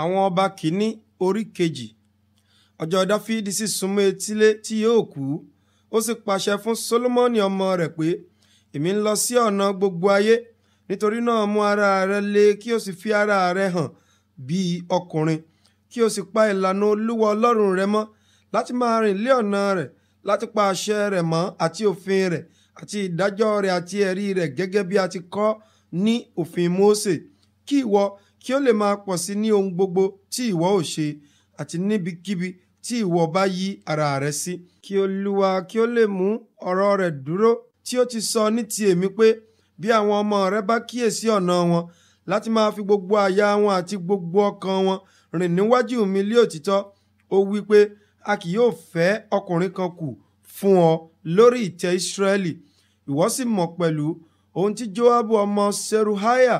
àwọn ọba kìíní orí kejì ọjọ́ dáfídì sì súnmọ́ etílé tí yóò kú ó sì pàṣẹ fún solomoni ọmọ rẹ̀ pé èmi ń lọ sí ọ̀nà gbogbo ayé nítorí náà mú ara rẹ le kí o sì fi ara rẹ hàn bíi ọkùnrin kí o sì pa ìlànà olúwa ọlọ́run rẹ mọ́ láti máa rìn lé ọ̀nà rẹ̀ láti pa àṣẹ rẹ̀ mọ́ àti òfin rẹ̀ àti ìdájọ́ rẹ̀ àti ẹ̀rí rẹ̀ gẹ́gẹ́ bí a ti kọ́ ní òfin Mósè kí ìwọ kí ó lè máa pọ̀ sí ní ohun gbogbo tí ìwọ ò ṣe àti níbikíbi tí ìwọ bá yí ara rẹ sí kí olúwa kí ó lè mú ọ̀rọ̀ rẹ̀ dúró tí ó ti sọ ní ti èmi pé bí àwọn ọmọ rẹ bá kíyèsí ọ̀nà wọn láti máa fi gbogbo àyà wọn àti gbogbo ọkàn wọn rìn níwájú mi lé òtítọ́ ó wí pé a kì yóò fẹ́ ọkùnrin kan kù fún ọ lórí ìtẹ́ Ísírẹ́lì ìwọ sì mọ̀ pẹ̀lú ohun tí Joabu ọmọ Seruhaya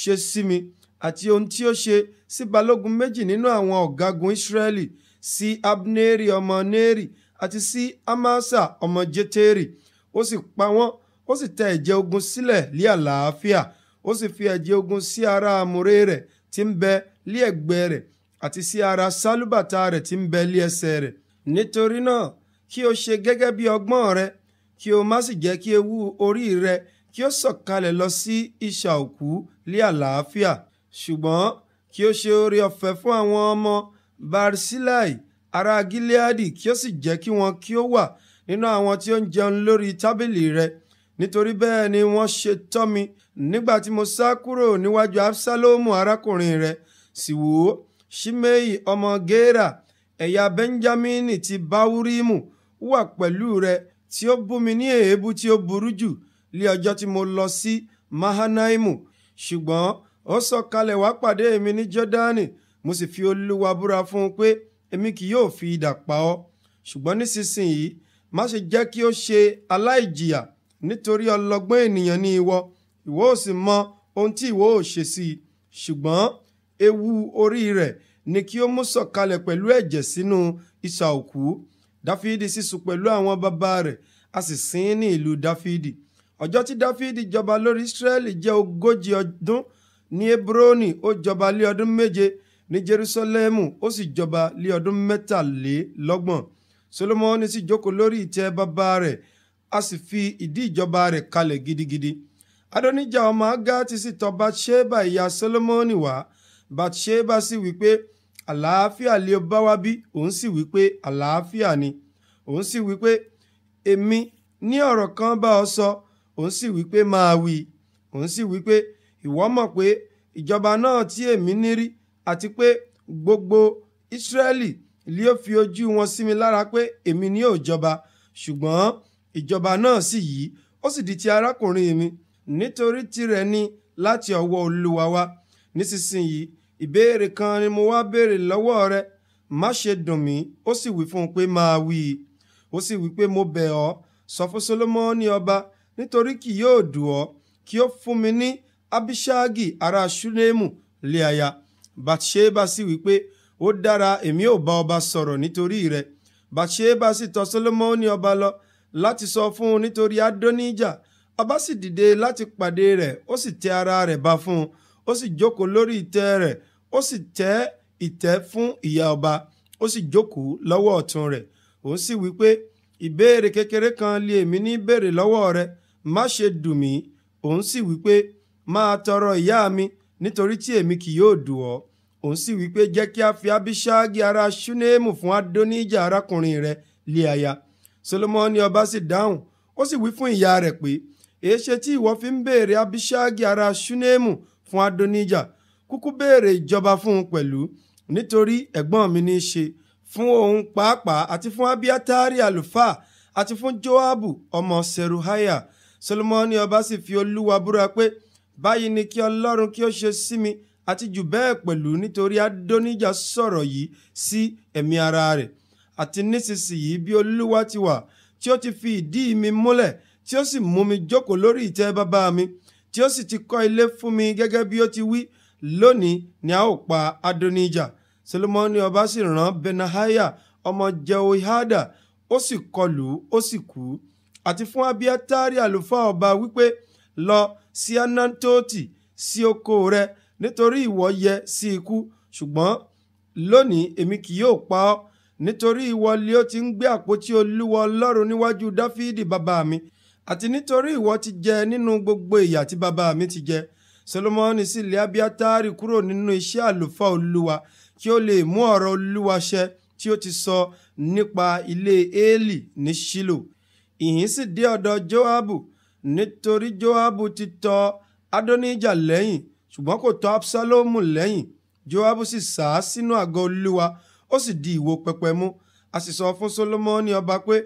ṣe sí mi àti ohun tí ó ṣe sí balógun méjì nínú àwọn ọ̀gágun Ísírẹ́lì sí Abneri ọmọ Neri àti sí Amasa ọmọ Jeteri ó sì pa wọ́n ó sì tẹ ẹ̀jẹ̀ ogun sílẹ̀ lí àlàáfíà ó sì fi ẹ̀jẹ̀ ogun sí ara àmúrè rẹ̀ tí ń bẹ lí ẹ̀gbẹ́ rẹ̀ àti sí ara sálúbàtà rẹ̀ tí ń bẹ lí ẹsẹ̀ rẹ̀ nítorí náà kí o ṣe gẹ́gẹ́ bí ọgbọ́n rẹ kí o má sì jẹ́ kí ewu orí rẹ kí ó sọ̀kalẹ̀ lọ sí ìṣà òkú lí àlàáfíà ṣùgbọ́n kí ó ṣe oore ọ̀fẹ́ fún àwọn ọmọ barsilai ará gileadi kí ó sì jẹ́ kí wọn kí ó wà nínú àwọn tí ó ń jẹun lórí tábìlì rẹ nítorí bẹ́ẹ̀ ni wọ́n ṣe tọ́ mi nígbà tí mo sá kúrò níwájú absalomu arákùnrin rẹ sì wò ó ṣimei ọmọ gera ẹ̀yà benjamini ti báwúrímù wà pẹ̀lú rẹ tí ó bú mi ní èébú tí ó burú jù lé ọjọ́ tí mo lọ sí mahanaimu ṣùgbọ́n ó sọ̀kalẹ̀ wá pàdé èmi ní jọ́dánì mo sì fi olúwa búra fún un pé èmi kì yóò fi idà pa ọ́ ṣùgbọ́n nísinsìnyí má ṣe jẹ́ kí ó ṣe aláìjìyà nítorí ọlọ́gbọ́n ènìyàn ni ìwọ ìwọ ò sì mọ ohun tí ìwọ ò ṣe sí i ṣùgbọ́n ewu orí rẹ̀ ni kí ó mú sọ̀kalẹ̀ pẹ̀lú ẹ̀jẹ̀ sínú isà òkú dáfídì sì sùn pẹ̀lú àwọn bàbá rẹ̀ a sì sin ní ìlú dáfídì ọjọ́ tí dáfídì jọba lórí ísírẹ́lì jẹ́ ogójì ọdún ní hebroni ó jọba lé ọdún méje ní jerusalemu ó sì jọba lé ọdún mẹ́tàlélọ́gbọ̀n solomoni sì jókòó lórí ìtẹ́ bàbá rẹ̀ a sì fi ìdí ìjọba rẹ̀ kalẹ̀ gidigidi adonija ọmọ agati sì tọ̀ batsheba ìyá solomoni wá batsheba sì wípé àlàáfíà lé o bá wá bí òun sì wípé àlàáfíà ni òun sì wípé èmi ní ọ̀rọ̀ kan bá ọ sọ òun sì wípé máa wí òun sì wípé ìwọ mọ̀ pé ìjọba náà tí èmi nírí àti pé gbogbo Ísírẹ́lì lé ó fi ojú wọn sí mi lára pé èmi ni ó jọba ṣùgbọ́n ìjọba náà sì yí ó sì di ti arákùnrin mi nítorí tirẹ̀ ni láti ọwọ́ Olúwa wá nísinsìnyí ìbéèrè kan ni mo wá béèrè lọ́wọ́ rẹ má ṣe dùn mí ó sì wí fún un pé máa wí i ó sì wí pé mo bẹ̀ ọ́ sọ fún Solomoni ọba nítorí kì yóò dùn ọ́ kí ó fún mi ní abishagi ara shunemu lé aya bathsheba sì wípé ó dára èmi ò bá ọba sọ̀rọ̀ nítorí rẹ̀ bathsheba sì tọ̀ solomoni ọba lọ láti sọ fún un nítorí adonija ọba sì dìde láti pàdé rẹ̀ ó sì tẹ́ ara rẹ̀ ba fún un ó sì jókòó lórí ìtẹ́ rẹ̀ ó sì tẹ́ ìtẹ́ fún ìyá ọba ó sì jókòó lọ́wọ́ ọ̀tún rẹ̀ òun sì wípé ìbéèrè kékeré kan lé èmi ní béèrè lọ́wọ́ rẹ̀ má ṣe dùn mí òun sì wípé máa tọrọ ìyá mi nítorí tí èmi kì yóò dù ọ́ òun sì wí pé jẹ́ kí a fi abiṣagi ara ṣúnéèmù fún adóníjà arákùnrin rẹ̀ lé aya solomoni ọba sì dáhùn ó sì wí fún ìyá rẹ̀ pé èéṣe tí ìwọ fi ń béèrè abiṣagi ara ṣúnéèmù fún adóníjà kúkú béèrè ìjọba fún un pẹ̀lú nítorí ẹ̀gbọ́n mi ní í ṣe fún òun pàápàá àti fún abiatari àlùfáà àti fún joabu ọmọ seruhaya solomoni ọba sì fi olúwa búra pé báyìí ni kí ọlọ́run kí ó ṣe sí mi àti jù bẹ́ẹ̀ pẹ̀lú nítorí adóníjà sọ̀rọ̀ yìí sí ẹ̀mí ara rẹ̀ àti nísinsìnyí bí olúwa ti wà tí ó ti fi ìdí mi múlẹ̀ tí ó sì mú mi jókòó lórí ìtẹ́ bàbá mi tí ó sì ti kọ́ ilé fún mi gẹ́gẹ́ bí ó ti wí lónìí ni a ó pa adóníjà solomoni ọba sì rán benahaya ọmọ jehoiada ó sì kọlù ó sì kú àti fún abiatari àlùfáà ọba wípé lọ sí Anatoti sí oko rẹ nítorí ìwọ yẹ sí ikú ṣùgbọ́n lónìí èmi kì yóò pa ọ́ nítorí ìwọ lé ó ti ń gbé àpótí olúwa ọlọ́run níwájú dáfídì bàbá mi àti nítorí ìwọ ti jẹ nínú gbogbo ìyà tí bàbá mi ti jẹ solomoni sì lé abiatari kúrò nínú iṣẹ́ àlùfáà olúwa kí ó lè mú ọ̀rọ̀ olúwa ṣẹ tí ó ti sọ nípa ilé éèlì ní ṣílò ìyìn sì dé ọ̀dọ̀ joabu nítorí joabu ti tọ adonija lẹ́yìn ṣùgbọ́n kò tọ absalomu lẹ́yìn joabu sì sá sínú àgọ́ olúwa ó di ìwo pẹpẹ mú a sì sọ fún solomoni ọba pé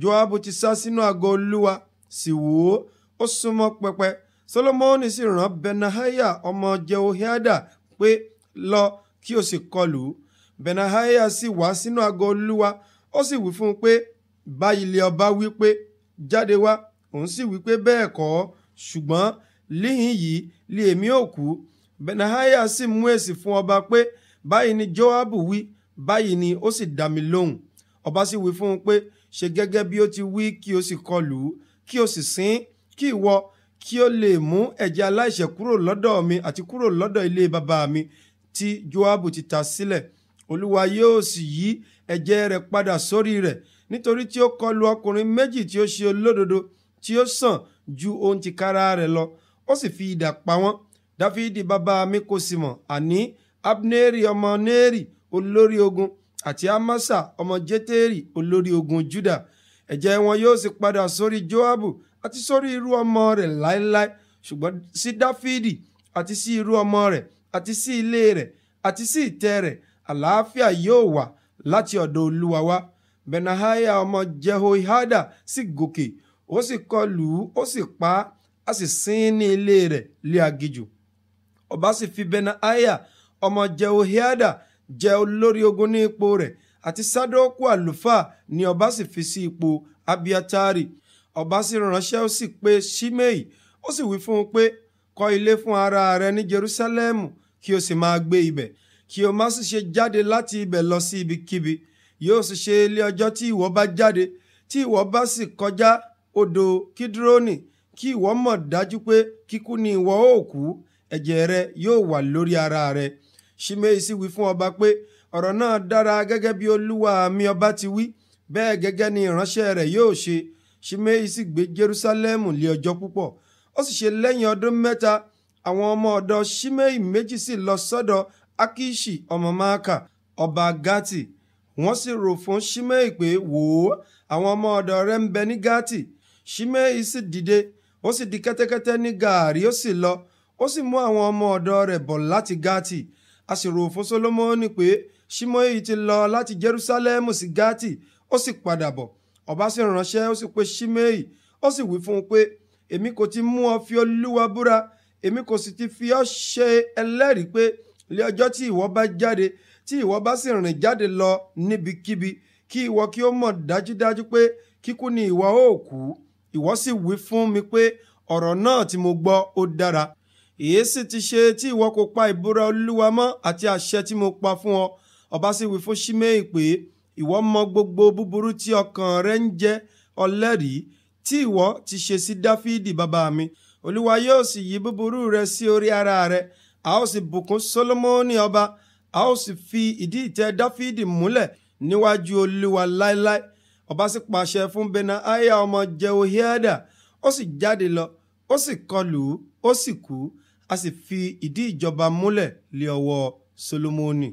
joabu ti sá sínú àgọ́ olúwa sì wò ó ó súnmọ́ pẹpẹ solomoni sì ràn benahaya ọmọ jehoiada pé lọ kí o sì kọlù benahaya sì wá sínú àgọ́ olúwa ó sì wí fún un pé báyìí ọba wí pé jáde òun sì wí pé bẹ́ẹ̀ kọ́ ṣùgbọ́n líhìn yìí lé èmi ò kú benahaya sì mú èsì fún ọba pé báyìí ni joabu wí báyìí ni ó sì dá mi lóhùn ọba sì wí fún un pé ṣe gẹ́gẹ́ bí ó ti wí kí o sì kọlù ú kí o sì sin kí ìwọ kí o lè mú ẹ̀jẹ̀ aláìṣẹ̀ kúrò lọ́dọ̀ mi àti kúrò lọ́dọ̀ ilé bàbá mi tí joabu ti ta sílẹ̀ olúwa yóò sì yí ẹ̀jẹ̀ rẹ̀ padà sórí rẹ̀ nítorí tí ó kọlù ọkùnrin méjì tí ó ṣe olódodo tí ó sàn ju ohun ti kára rẹ̀ lọ ó sì fi idà pa wọ́n dáfídì bàbá mi kò sì mọ̀ àní abneri ọmọ neri olórí ogun àti amasa ọmọ jétérì olórí ogun juda ẹ̀jẹ̀ wọn yóò sì padà sórí joabu àti sórí irú ọmọ rẹ̀ láéláé ṣùgbọ́n sí dáfídì àti sí irú ọmọ rẹ̀ àti sí ilé rẹ̀ àti sí ìtẹ́ rẹ̀ àlàáfíà yóò wà láti ọ̀dọ̀ olúwa wá benaiah ọmọ jehoihada sì gòkè ó sì kọlù ú ó sì pa á a sì sin ní ilé rẹ̀ lé aginjù ọba sì fi benaiya ọmọ jehoiada jẹ olórí ogun ní ipò rẹ̀ àti sadoku àlùfáà ni ọba sì fi sí ipò abiatari ọba sì ránṣẹ́ ó sì pe shimei ó sì wí fún un pé kọ́ ilé fún ara rẹ ní jerusalemu kí o sì máa gbé ibẹ̀ kí o má sì ṣe jáde láti ibẹ̀ lọ sí ibikíbi yóò sì ṣe ilé ọjọ́ tí ìwọ bá jáde tí ìwọ bá sì kọjá odò kídírọ́nì kí ìwọ mọ̀ dájú pé kíkú ni ìwọ ó kú ẹ̀jẹ̀ rẹ yóò wà lórí ara rẹ ṣimei sì wí fún ọba pé ọ̀rọ̀ náà dára gẹ́gẹ́ bí olúwa mi ọba ti wí bẹ́ẹ̀ gẹ́gẹ́ ni ìránṣẹ́ rẹ̀ yóò ṣe ṣimei sì gbé Jerúsálẹ́mù lé ọjọ́ púpọ̀ ó sì ṣe lẹ́yìn ọdún mẹ́ta àwọn ọmọ ọ̀dọ̀ ṣimei méjì sì lọ sọ́dọ̀ akishi ọmọ maaka ọba gati wọ́n sì rò fún ṣimei pé wò ó àwọn ọmọ ọ̀dọ̀ rẹ̀ ń bẹ ní gati Shimei sì dìde ó sì di kẹ́tẹ́kẹ́tẹ́ ní gàárì ó sì lọ ó sì mú àwọn ọmọ ọ̀dọ̀ rẹ̀ bọ̀ láti gati a sì rò fún solomoni pé ṣímẹ́ì ti lọ láti jerusalemu sí gati ó sì padà bọ̀ ọba sì ránṣẹ́ ó sì pe ṣímẹ́ì ó sì wí fún un pé èmi kò ti mú ọ fi olúwa búra èmi kò sì ti fi ọ ṣe ẹlẹ́rìí pé ilé ọjọ́ tí ìwọ bá jáde tí ìwọ bá sì rìn jáde lọ níbikíbi kí ìwọ kí ó mọ̀ dájúdájú pé kíkú ni ìwọ ó kú ìwọ sì wí fún mi pé ọ̀rọ̀ náà tí mo gbọ́ ó dára èyí sì ti ṣe tí ìwọ kò pa ìbúra olúwa mọ́ àti àṣẹ tí mo pa fún ọ ọba sì wí fún ṣímẹ́ì pé ìwọ mọ gbogbo búburú tí ọkàn rẹ ń jẹ ọlẹ́rìí tí ìwọ ti ṣe sí dáfídì bàbá mi olúwa yóò sì yí búburú rẹ sí orí ara rẹ a ó sì bùkún solomoni ọba a ó sì fi ìdí ìtẹ́ dáfídì múlẹ̀ níwájú olúwa láéláé ọba sì pàṣẹ fún benaiah ọmọ jehoiada ó sì jáde lọ ó sì kọlù ó sì kú a sì fi ìdí ìjọba múlẹ̀ lé ọwọ́ solomoni.